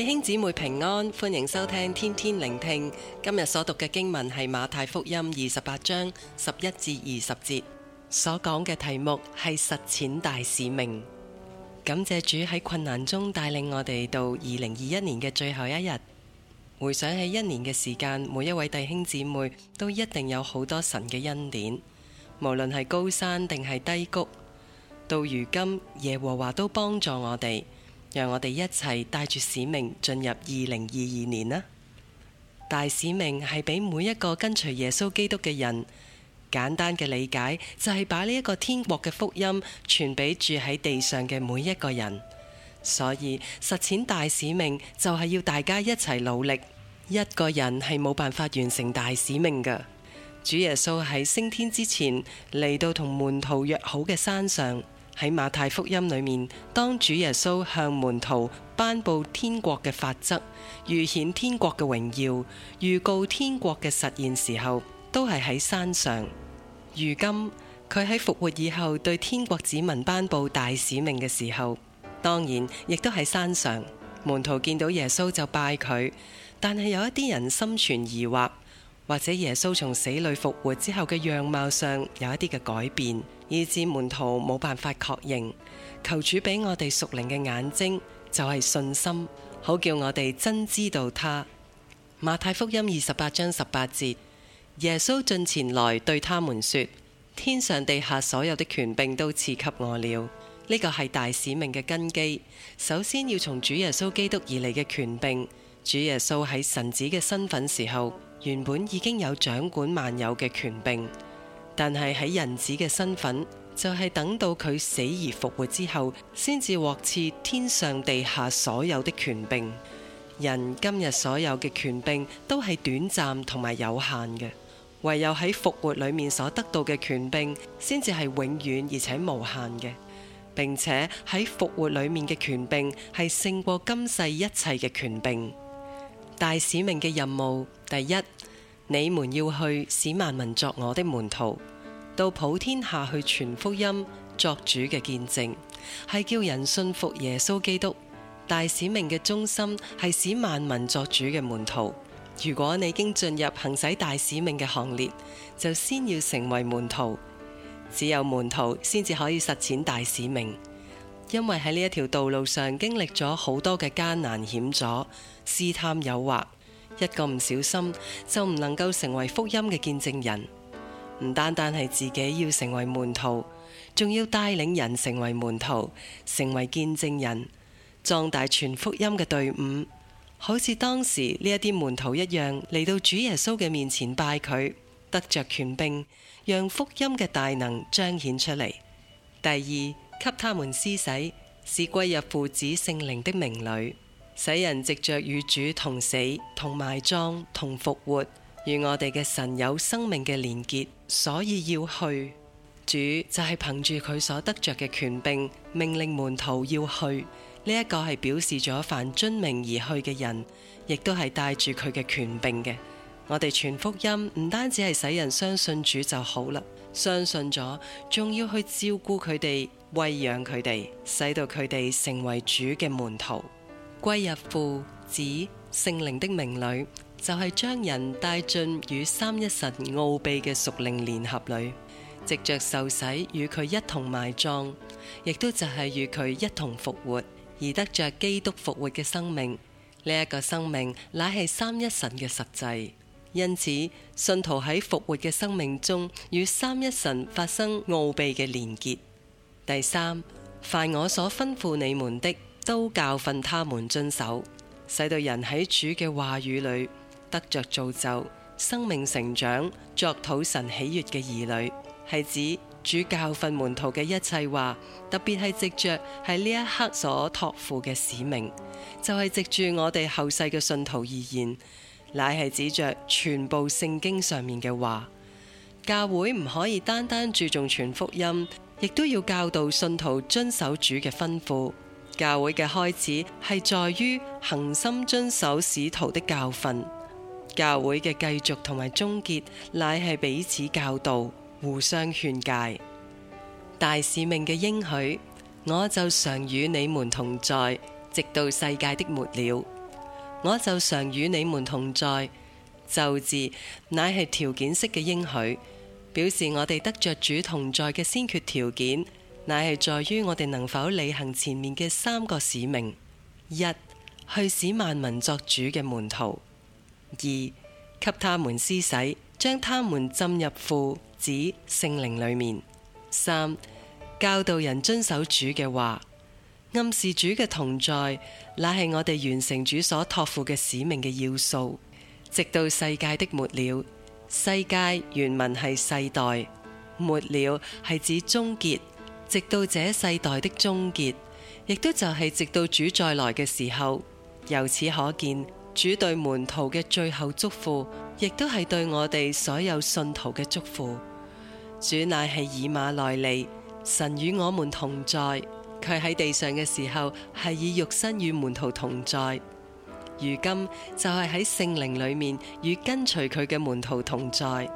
弟兄姊妹平安，歡迎收聽天天靈聽。今日所讀嘅經文係《馬太福音》二十八章十一至二十節，所講嘅題目係實踐大使命。感謝主喺困難中帶領我哋到二零二一年嘅最後一日。回想起一年嘅時間，每一位弟兄姊妹都一定有好多神嘅恩典，無論係高山定係低谷，到如今耶和華都幫助我哋。讓我哋一齊帶住使命進入二零二二年啦！大使命係俾每一個跟隨耶穌基督嘅人，簡單嘅理解，就係把呢一個天國嘅福音傳俾住喺地上嘅每一個人。所以實踐大使命就係要大家一齊努力，一個人係冇辦法完成大使命㗎。主耶穌喺升天之前嚟到同門徒約好嘅山上。喺馬太福音裏面，當主耶穌向門徒頒布天國嘅法則、預顯天國嘅榮耀、預告天國嘅實現時候，都係喺山上。如今佢喺復活以後對天國子民頒布大使命嘅時候，當然亦都喺山上。門徒見到耶穌就拜佢，但係有一啲人心存疑惑，或者耶穌從死裏復活之後嘅樣貌上有一啲嘅改變。以致門徒冇辦法確認，求主俾我哋屬靈嘅眼睛，就係信心，好叫我哋真知道他。馬太福音二十八章十八節，耶穌進前來對他們說：天上地下所有的權柄都賜給我了。呢個係大使命嘅根基，首先要從主耶穌基督而嚟嘅權柄。主耶穌喺神子嘅身份時候，原本已經有掌管萬有嘅權柄。但係喺人子嘅身份，就係等到佢死而復活之後，先至獲賜天上地下所有的權柄。人今日所有嘅權柄都係短暫同埋有限嘅，唯有喺復活裏面所得到嘅權柄，先至係永遠而且無限嘅，並且喺復活裏面嘅權柄係勝過今世一切嘅權柄。大使命嘅任務第一。你們要去，使萬民作我的門徒，到普天下去傳福音，作主嘅見證，係叫人信服耶穌基督。大使命嘅中心係使萬民作主嘅門徒。如果你已經進入行使大使命嘅行列，就先要成為門徒。只有門徒先至可以實踐大使命，因為喺呢一條道路上經歷咗好多嘅艱難險阻、試探、誘惑。一個唔小心就唔能夠成為福音嘅見證人，唔單單係自己要成為門徒，仲要帶領人成為門徒，成為見證人，壯大傳福音嘅隊伍，好似當時呢一啲門徒一樣嚟到主耶穌嘅面前拜佢，得着權柄，讓福音嘅大能彰顯出嚟。第二，給他們施洗，是歸入父子聖靈的名裏。使人藉着與主同死、同埋葬、同復活，與我哋嘅神有生命嘅連結，所以要去，主就係憑住佢所得着嘅權柄，命令門徒要去呢一、這個係表示咗凡遵命而去嘅人，亦都係帶住佢嘅權柄嘅。我哋傳福音唔單止係使人相信主就好啦，相信咗仲要去照顧佢哋、餵養佢哋，使到佢哋成為主嘅門徒。歸入父子聖靈的名裏，就係、是、將人帶進與三一神奧秘嘅屬靈聯合裏，藉着受洗與佢一同埋葬，亦都就係與佢一同復活，而得着基督復活嘅生命。呢、這、一個生命乃係三一神嘅實際，因此信徒喺復活嘅生命中與三一神發生奧秘嘅連結。第三，凡我所吩咐你們的。都教訓他們遵守，使到人喺主嘅話語裏得着造就，生命成長，作討神喜悅嘅兒女，係指主教訓門徒嘅一切話，特別係藉着喺呢一刻所託付嘅使命，就係、是、藉住我哋後世嘅信徒而言，乃係指著全部聖經上面嘅話。教會唔可以單單注重傳福音，亦都要教導信徒遵守主嘅吩咐。教會嘅開始係在於恒心遵守使徒的教訓，教會嘅繼續同埋終結乃係彼此教導、互相勸誡。大使命嘅應許，我就常與你們同在，直到世界的末了。我就常與你們同在。就字乃係條件式嘅應許，表示我哋得着主同在嘅先決條件，乃係在於我哋能否履行前面嘅三個使命：一去使萬民作主嘅門徒；二給他們施洗，將他們浸入父子聖靈裡面；三教導人遵守主嘅話，暗示主嘅同在。乃係我哋完成主所託付嘅使命嘅要素，直到世界的末了。世界原文係世代，末了係指終結。直到這世代的終結，亦都就係直到主再來嘅時候。由此可見，主對門徒嘅最後囑咐，亦都係對我哋所有信徒嘅囑咐。主乃係以馬內利，神與我們同在。佢喺地上嘅時候，係以肉身與門徒同在。如今就係喺聖靈裡面，與跟隨佢嘅門徒同在。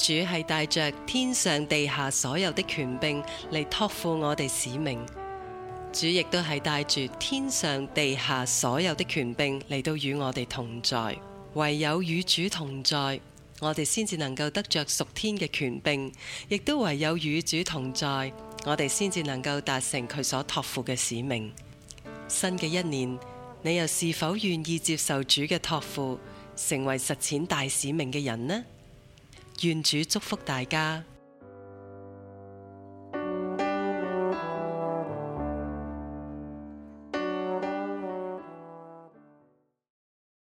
主係帶着天上地下所有的權柄嚟托付我哋使命，主亦都係帶住天上地下所有的權柄嚟到與我哋同在。唯有與主同在，我哋先至能夠得着屬天嘅權柄；亦都唯有與主同在，我哋先至能夠達成佢所托付嘅使命。新嘅一年，你又是否願意接受主嘅托付，成為實踐大使命嘅人呢？願主祝福大家。